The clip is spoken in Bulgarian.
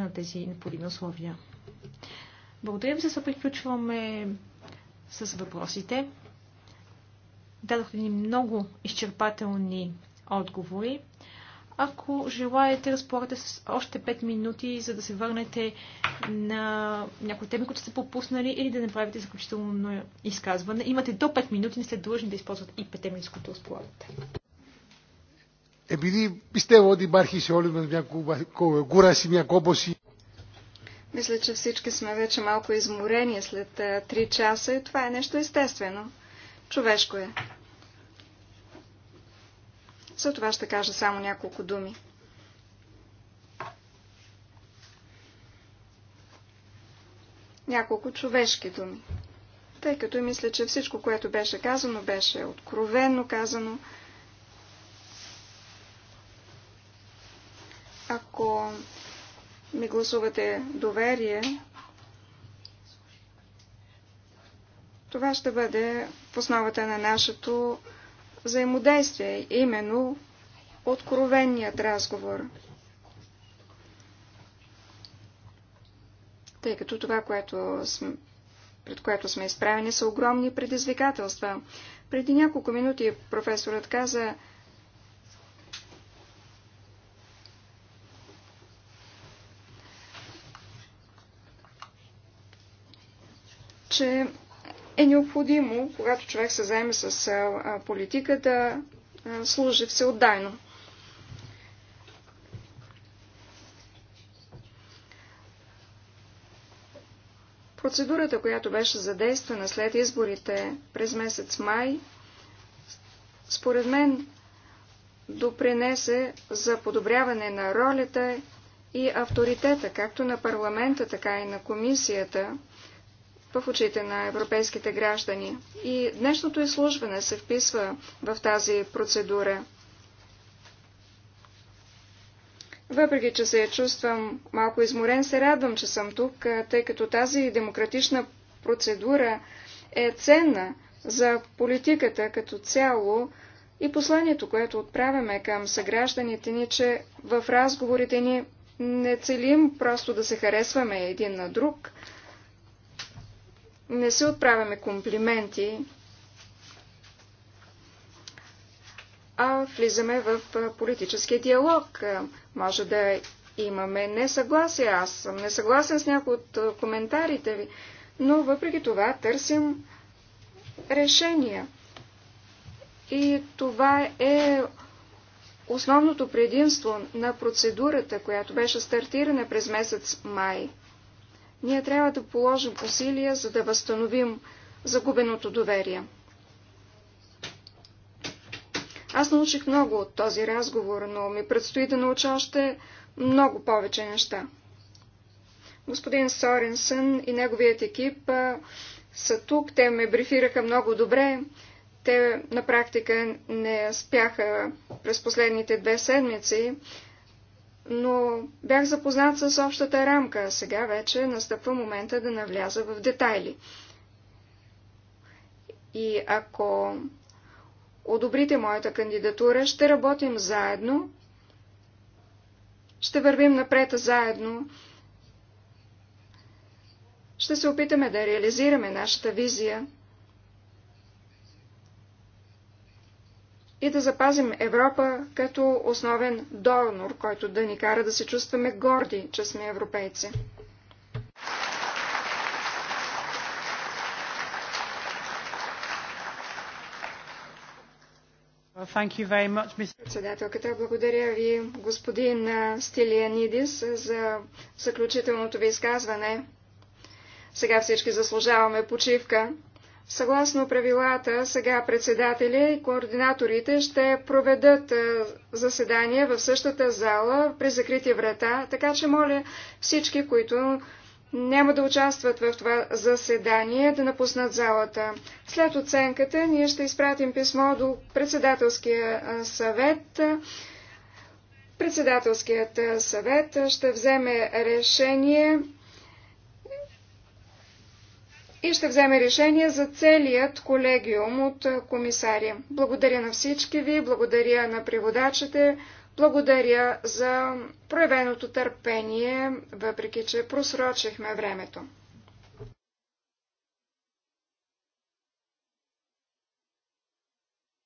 на тези необходими условия. Благодаря ви, се приключваме с въпросите. Дадохте ни много изчерпателни отговори. Ако желаете, разполагате с още 5 минути, за да се върнете на някои теми, които сте пропуснали или да направите заключително изказване. Имате до 5 минути, не сте длъжни да използвате и 5 минути, които разполагате. Επειδή πιστεύω ότι υπάρχει σε όλοι μας μια κούραση, μια κόποση. Мисля, че всички сме вече малко изморени след е, три часа и това е нещо естествено. Човешко е. За това ще кажа само няколко думи. Няколко човешки думи. Тъй като мисля, че всичко, което беше казано, беше откровенно казано. Ако ми гласувате доверие, това ще бъде в основата на нашето взаимодействие, именно откровеният разговор. Тъй като това, което сме, пред което сме изправени, са огромни предизвикателства. Преди няколко минути професорът каза, че е необходимо, когато човек се заеме с политика, да служи всеотдайно. Процедурата, която беше задействана след изборите през месец май, според мен допринесе за подобряване на ролята и авторитета както на парламента, така и на комисията в очите на европейските граждани. И днешното изслужване се вписва в тази процедура. Въпреки, че се чувствам малко изморен, се радвам, че съм тук, тъй като тази демократична процедура е ценна за политиката като цяло и посланието, което отправяме към съгражданите ни, че в разговорите ни не целим просто да се харесваме един на друг – не се отправяме комплименти, а влизаме в политическия диалог. Може да имаме несъгласие. Аз съм несъгласен с някои от коментарите ви, но въпреки това търсим решения. И това е основното предимство на процедурата, която беше стартирана през месец май – ние трябва да положим усилия, за да възстановим загубеното доверие. Аз научих много от този разговор, но ми предстои да науча още много повече неща. Господин Соренсън и неговият екип а, са тук. Те ме брифираха много добре. Те на практика не спяха през последните две седмици, но бях запознат с общата рамка, а сега вече настъпва момента да навляза в детайли. И ако одобрите моята кандидатура, ще работим заедно, ще вървим напред заедно, ще се опитаме да реализираме нашата визия. и да запазим Европа като основен донор, който да ни кара да се чувстваме горди, че сме европейци. Председателката, благодаря ви, господин Стилианидис, за заключителното ви изказване. Сега всички заслужаваме почивка. Съгласно правилата, сега председателя и координаторите ще проведат е, заседание в същата зала при закрити врата, така че моля всички, които няма да участват в това заседание, да напуснат залата. След оценката ние ще изпратим писмо до председателския е, съвет. Председателският е, съвет ще вземе решение и ще вземе решение за целият колегиум от комисари. Благодаря на всички ви, благодаря на преводачите, благодаря за проявеното търпение, въпреки че просрочихме времето.